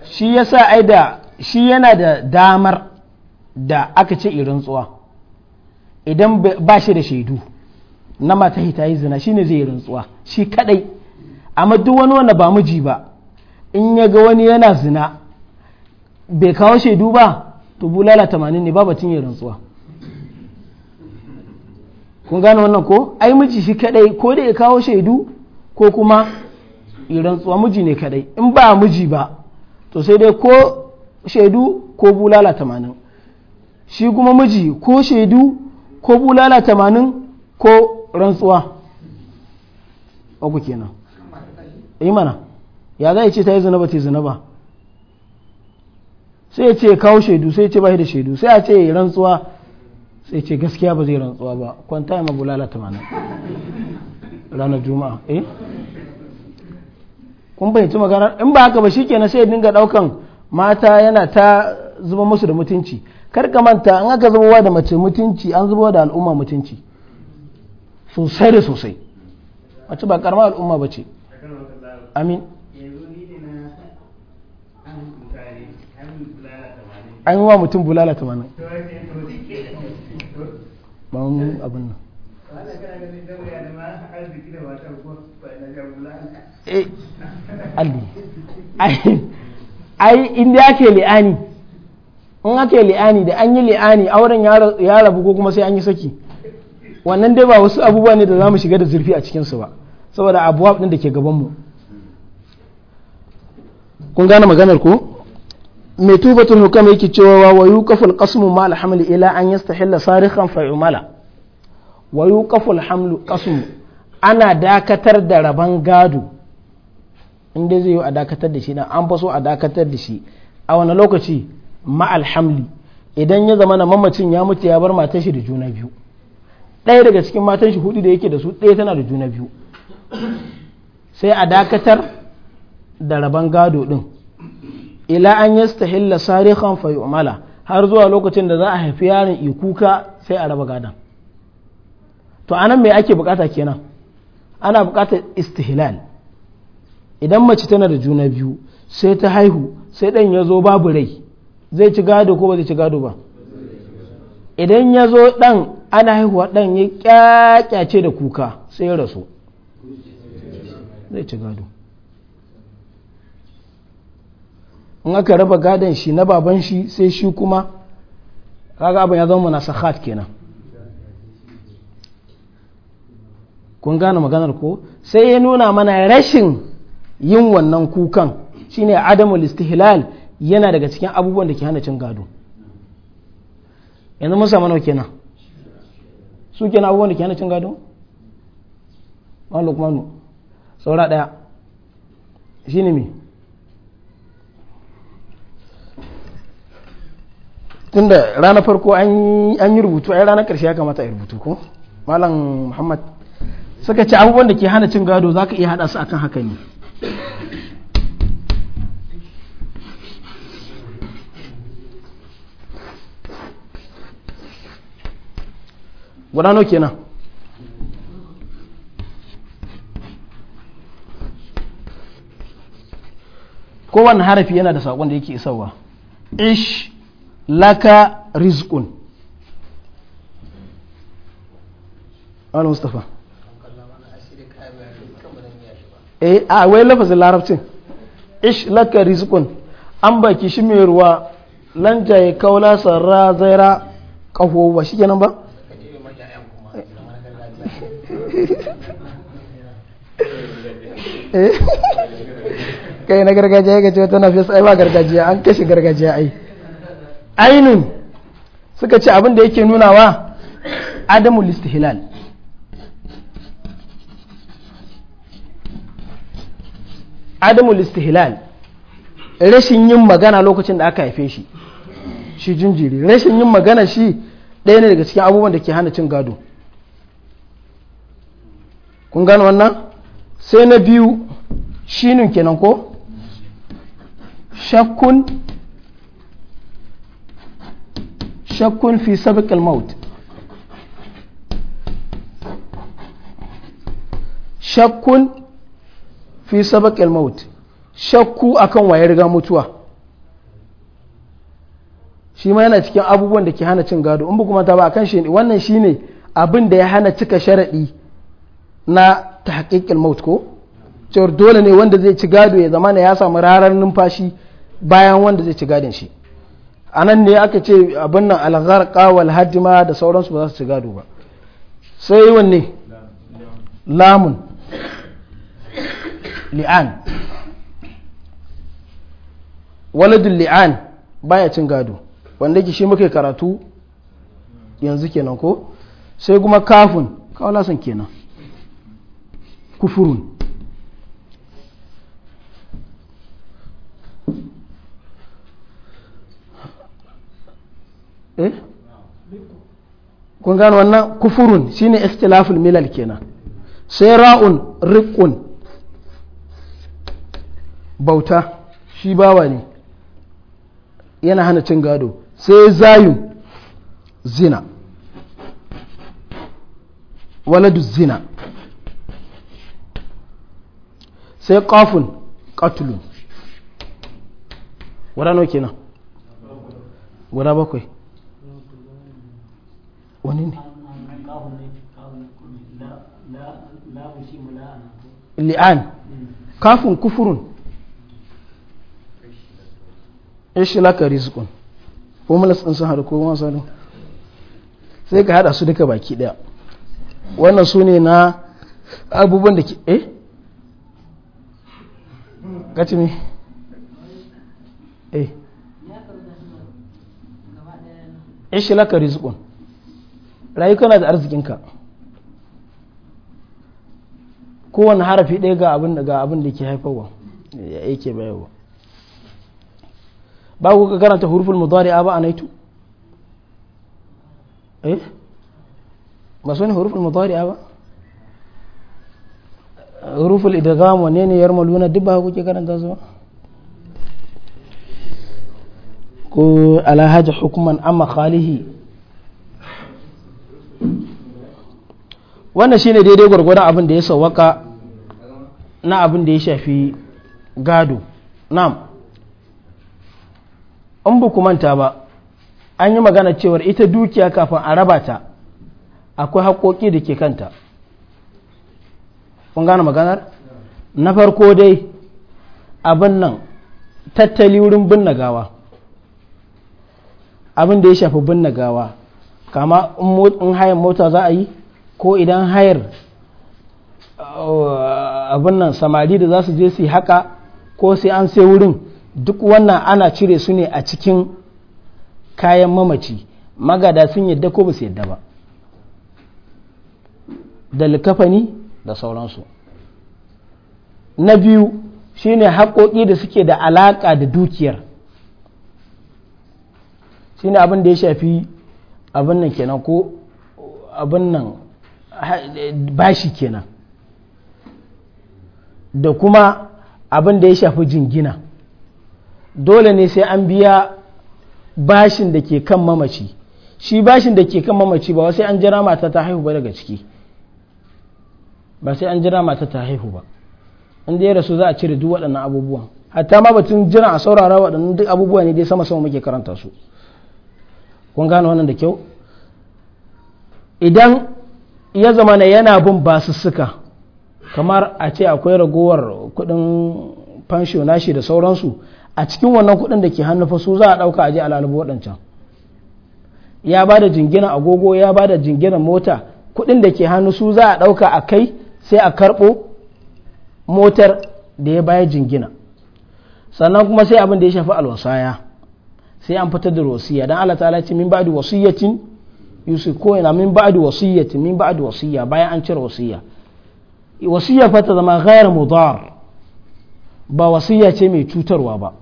[SPEAKER 1] shi yasa ai da shi yana da damar da aka ce irin tsuwa idan ba shi da shaidu na mata hita yi zina shi ne zai rantsuwa shi kadai amma duk wani wanda ba miji ba in ya ga wani yana zina bai kawo shaidu ba to bulala tamanin ne ba batun irin rantsuwa kun gane wannan ko ai miji shi kadai ko da ya kawo shaidu ko kuma yi rantsuwa miji ne kadai in ba miji ba to sai dai ko shaidu ko bulala tamanin shi kuma miji ko shaidu ko bulala tamanin ko rantsuwa uku kenan yi eh mana ya za ce ta yi zina ba ta yi zina ba sai ya ce kawo shaidu sai ya ce ba da shaidu sai a ce rantsuwa sai ce gaskiya ba zai rantsuwa ba kwanta ya mabulala tamanin ranar juma'a eh kun bayyanci magana in ba haka ba shi kenan sai dinga daukan mata yana ta zuba musu da mutunci kar ka manta an aka zubowa da mace mutunci an zubowa da al'umma mutunci sosai da sosai mace ba karama al'umma ba ce amin an yi wa mutum bulala tamanin ba abin nan Eh, ai in da ake li'ani li'ani da an li'ani auren ya rabu ko kuma sai an yi saki wannan dai ba wasu abubuwa ne da za mu shiga da zurfi a cikinsu ba saboda abuwa ɗin da ke gabanmu kun gane maganar ko mai tubatun hukama yake cewa wa kafa qasmu ma al ila an yastahilla sarihan fa wa yuqaful hamlu qasmu ana dakatar da raban gado inda zai yi a dakatar da shi na an faso a dakatar da shi a wani lokaci ma'al hamli idan ya zama na mamacin ya mutu ya bar matar shi da juna biyu ɗaya daga cikin matan shi hudu da yake da su ɗaya tana da juna biyu sai a dakatar da raban gado din ila an yi yastahilla sarihan fayi umala har zuwa lokacin da za a haifi yaron ikuka sai a raba gadon to anan me ake bukata kenan ana bukatar istihlal idan mace tana da juna biyu sai ta haihu sai ɗan ya zo babu rai zai ci gado ko ba zai ci gado ba idan ya zo ɗan ana haihuwa ɗan ya kyakyace da kuka sai ya rasu zai ci gado in aka raba gadon shi na baban shi sai shi kuma kaga abin ya zama na sahat kenan kun gane maganar ko sai ya nuna mana rashin yin wannan kukan shine adamul istihlal yana daga cikin abubuwan da ke hana cin gado yanzu mun samu nawa kenan su kenan abubuwan da ke hana cin gado maluk manu saura daya shine me tunda ranar farko an yi rubutu ai ranar karshe ya kamata a yi rubutu ko malam muhammad suka ce abubuwan da ke hana cin gado za ka iya haɗa su akan haka ne gudano kenan kowane harafi yana da saƙon da yake isarwa ish laka rizqun al-mustafa eh a wai lafazin larabcin ish laka rizqun an baki shi mai ruwa lan jaye kaula sarra zaira kaho ba shi kenan ba eh, kai na gargajiya ya gaji wata nafiyar ai ba gargajiya an kashe gargajiya ai ainihin suka ce abin da yake nunawa adamu list hilal adamul istihlal rashin yin magana lokacin da aka haife shi shi jinjiri rashin yin magana shi ɗaya ne daga cikin abubuwan da ke hana cin gado kun gano wannan sai na biyu shinun kenan ko shakkun shakkun fi sabiqil maut shakkun fi al maut shakku akan waye riga mutuwa shi ma yana cikin abubuwan da ke hana cin gado in kuma ta ba akan shi ne wannan shine abin da ya hana cika sharadi na al maut ko cewar dole ne wanda zai ci gado ya zama ya samu rarar numfashi bayan wanda zai ci gadon shi anan ne aka ce abin nan al-gharqa wal hadma da sauransu ba za su ci gado ba sai wanne lamun li'an waladul li'an baya cin gado wanda ke shi muke karatu yanzu kenan ko sai kuma kafin kawalasan kenan kufurun eh kun gano wannan kufurun shine istilaful milal kenan sai ra'un rikun. bauta shi bawa ne yana hana cin gado sai zayu zina waladu zina sai kafin katulun wada nau kenan wada bakwai wani ne li'an kafin kufurun ishi laka rizikun ko malas din sun haɗu ko ma sanu sai ka hada su duka baki ɗaya, wannan su ne na abubuwan da ke eh gaci me eh ishi laka rizqun rayuka da arzikinka kowane harafi ɗaya ga abin da ke haifarwa ya yake bayarwa ba ku ka karanta huruful mudari'a ba a naitu eh ba su ne huruful mudari'a ba huruful idgham wanne ne maluna duk ba ku ke karanta su ba ko alhaji hukuman amma khalihi wannan shine daidai gwargwadon abin da ya sauwaka na abin da ya shafi gado na'am in ba ku manta ba an yi magana cewar ita dukiya kafin a raba ta akwai haƙoƙi da ke kanta kun gane maganar na farko dai abin nan tattali wurin binne gawa abin da ya shafi binne gawa kama in hayar mota za a yi ko idan hayar uh, abin nan samari da za su je su haka ko sai an sai wurin duk wannan ana cire su ne a cikin kayan mamaci magada sun yadda ko ba su yadda ba da likafani da sauransu na biyu shine haƙoƙi da suke da alaƙa da dukiyar shine abin da ya shafi abin nan kenan ko abin nan bashi kenan da kuma abin da ya shafi jingina dole ne sai an biya bashin da ke kan mamaci shi bashin da ke kan mamaci ba sai an jira mata ta haihu ba daga ciki ba sai an jira mata ta haihu ba in dai rasu za a cire duk waɗannan abubuwan hatta ma batun jira a saurara waɗannan duk abubuwa ne dai sama sama muke karanta su kun gane wannan da kyau idan ya zama na yana bin basussuka kamar a ce akwai ragowar kuɗin fansho nashi da sauransu a cikin wannan kuɗin da ke hannu fa su za a ɗauka a je alalabu waɗancan ya ba da jingina agogo ya ba da jingina mota kuɗin da ke hannu su za a ɗauka a kai sai a karɓo motar da ya baya jingina sannan kuma sai abin da ya shafi alwasaya sai an fitar da wasiya dan Allah ta'ala ce min da wasiyyacin yusuf ko ina min ba'di wasiyyatin min da wasiyya bayan an cire wasiyya wasiyya fata zama ghayr mudar ba wasiyya ce mai cutarwa ba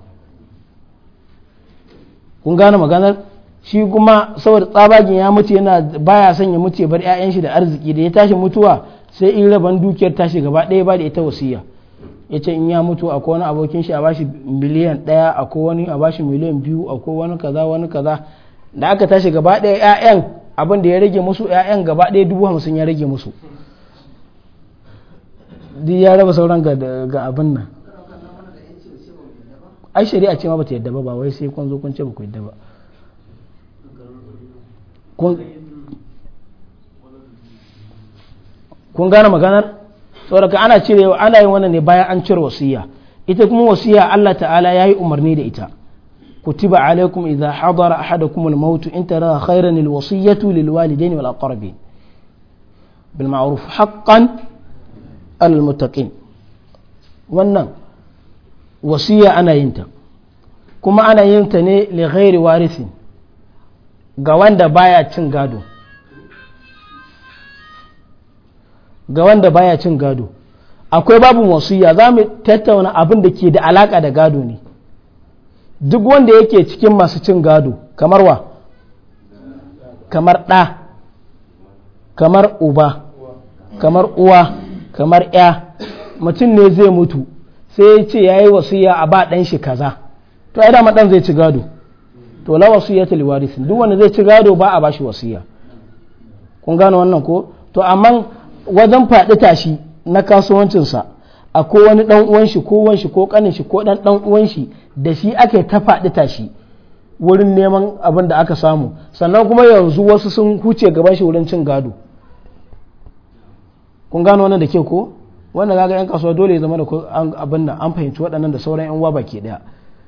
[SPEAKER 1] kun gane maganar shi kuma saboda tsabagin ya mutu yana baya son ya mutu ya bar ƴaƴan shi da arziki da ya tashi mutuwa sai in raban dukiyar tashi gaba ɗaya ba da ita wasiya ya ce in ya mutu a wani abokin shi a bashi miliyan ɗaya ko wani a bashi miliyan biyu ko wani kaza wani kaza da aka tashi gaba ɗaya ƴaƴan abin da ya rage musu ƴaƴan gaba ɗaya dubu hamsin ya rage musu duk ya raba sauran ga abin nan ai shari'a ce ma bata yadda ba ba wai sai kun zo kun ce ba yadda ba kun gane maganar saboda ana cirewa ana yin wannan ne bayan an cire wasiya ita kuma wasiya Allah ta'ala ya yi umarni da ita kutiba alaikum idza hadara ahadakum al-maut in tara khairan al-wasiyatu lil walidayn wal aqrabin bil ma'ruf haqqan al muttaqin wannan wasiya ana yin ta kuma ana yin ta ne li ghairi warisin ga wanda baya cin gado ga wanda baya cin gado akwai babu wasiya za mu tattauna abin da ke da alaka da gado ne duk wanda yake cikin masu cin gado kamar wa kamar ɗa kamar uba kamar uwa kamar ya mutum ne zai mutu sai ya ce ya yi wasiya a ba ɗan shi kaza to ai dama ɗan zai ci gado to la wasiya ta liwarisin duk wanda zai ci gado ba a bashi wasiya kun gane wannan ko to amma wajen faɗi tashi na kasuwancinsa a ko wani ɗan uwan shi ko wan shi ko ƙanin shi ko ɗan ɗan uwan shi da shi ake ta faɗi tashi wurin neman abin da aka samu sannan kuma yanzu wasu sun huce gaban shi wurin cin gado kun gano wannan da ke ko wannan kaga yan kasuwa dole ya zama da abin nan an fahimci waɗannan da sauran yan uwa ke daya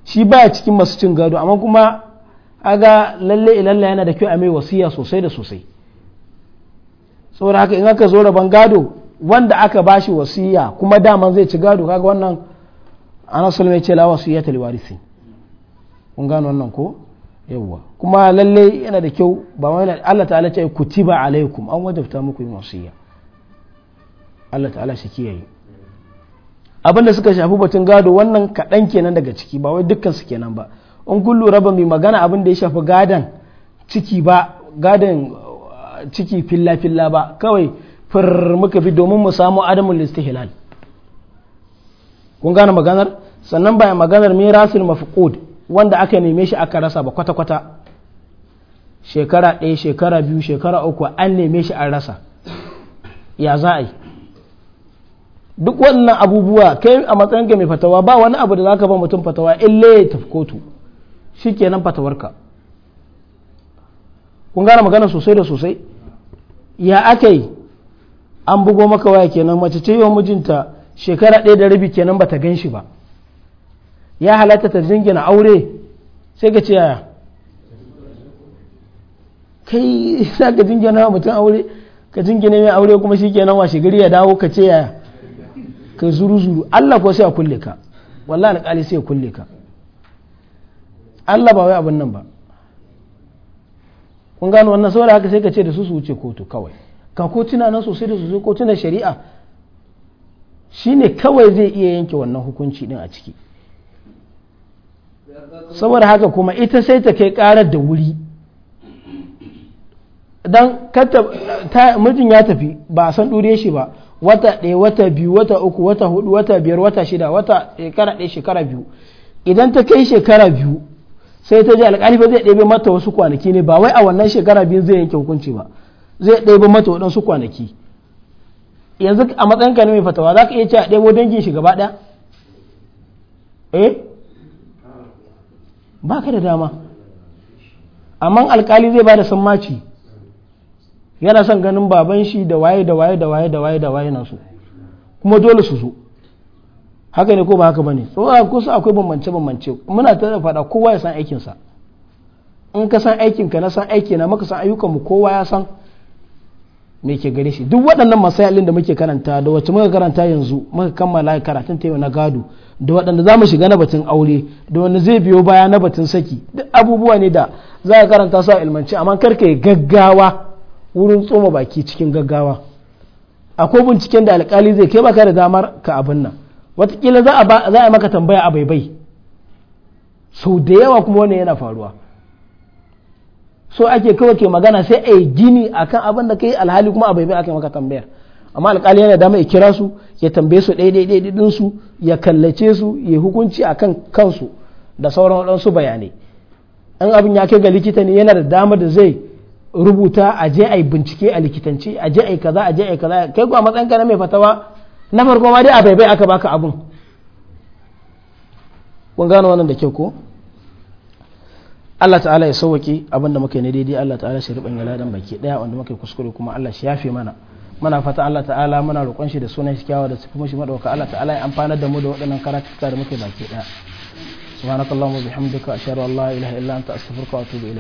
[SPEAKER 1] shi baya cikin masu cin gado amma kuma aga lalle ilalla yana da kyau a mai wasiya sosai da sosai saboda haka in aka zo rabon gado wanda aka bashi wasiya kuma daman zai ci gado kaga wannan ana sulme ce la wasiya ta liwarisi kun gano wannan ko yawwa kuma lalle yana da kyau ba wani Allah ta'ala ce kutiba alaikum an wajabta muku yin wasiya Allah ta'ala shi kiyaye abin da suka shafi batun gado wannan kaɗan kenan daga ciki ba wai dukkan su kenan ba in kun lura mai magana abin da ya shafi gadan ciki ba gadan uh, ciki filla filla ba kawai fir muka bi domin mu samu adamul istihlal kun gane maganar sannan ba maganar mirasul mafqud wanda aka neme shi aka rasa ba kwata kwata shekara ɗaya shekara biyu shekara uku an neme shi an rasa ya za a yi duk wannan abubuwa kai a matsayin ga mai fatawa ba wani abu da zaka ba mutum fatawa illa ya tafi kotu shikenan fatawarka kun gane magana sosai da sosai ya akai an bugo maka waya kenan mace ce yau mijinta shekara ɗaya da rabi kenan bata gan shi ba ya halatta ta jingina aure sai ka ce yaya kai za ka jingina mutum aure ka jingina mai aure kuma shikenan washe gari ya dawo ka ce yaya ka zuru zuru Allah ko sai a kulle ka wallahi alƙali sai ya kulle ka Allah ba wai abin nan ba kun gano wannan saboda haka sai ka ce da su su wuce kotu kawai ka kotuna nan sosai da sosai kotunan shari'a shine kawai zai iya yanke wannan hukunci din a ciki saboda haka kuma ita sai ta kai karar da wuri dan mijin ya tafi ba a san dure shi ba wata ɗaya wata biyu wata uku wata hudu wata biyar wata shida wata shekara ɗaya shekara biyu idan ta kai shekara biyu sai ta ji alƙalifa zai ɗebe mata wasu kwanaki ne ba wai a wannan shekara biyu zai yanke hukunci ba zai ɗebe mata waɗansu kwanaki yanzu a matsayin ka ne mai fatawa za ka iya cewa ɗebo dangin shi gaba ɗaya eh ba ka da dama amma alƙali zai ba da sammaci yana son ganin baban shi da waye da waye da waye da waye da waye na su kuma dole su zo haka ne ko ba haka bane so a kusa akwai bambance bambance muna ta fada kowa ya san aikin sa in ka san aikin ka na san aiki na maka san ayyukan mu kowa ya san me ke gare shi duk waɗannan masayalin da muke karanta da wacce muka karanta yanzu muka kammala karatun ta na gado da waɗanda za mu shiga na batun aure da wanda zai biyo baya na batun saki duk abubuwa ne da za ka karanta su a ilmanci amma ka yi gaggawa wurin tsoma baki cikin gaggawa akwai binciken da alkali zai kai baka da damar ka abin nan watakila za a yi maka tambaya a baibai sau da yawa kuma wannan yana faruwa so ake kawai ke magana sai a yi gini a kan abin da kai alhali kuma a baibai aka maka tambayar amma alkali yana dama ya kira su ya tambaye su ɗaya ɗaya ɗin su ya kallace su ya hukunci a kan kansu da sauran waɗansu bayanai ɗan abin ya kai ga likita ne yana da dama da zai rubuta a je a yi bincike a likitanci a je a yi kaza a je a yi kaza kai kuwa matsayin ka na mai fatawa na farko ma dai a baibai aka baka abun kun gano wannan da kyau ko Allah ta'ala ya sauwaki abin da muka yi daidai Allah ta'ala shi rubin galadan baki daya wanda muka yi kuskure kuma Allah shi yafe mana muna fata Allah ta'ala muna roƙon shi da sunan shi kyawa da kuma shi madauka Allah ta'ala ya amfana da mu da waɗannan karatuka da muke baki daya subhanakallahumma bihamdika ashhadu an la ilaha illa anta astaghfiruka wa atubu ilayk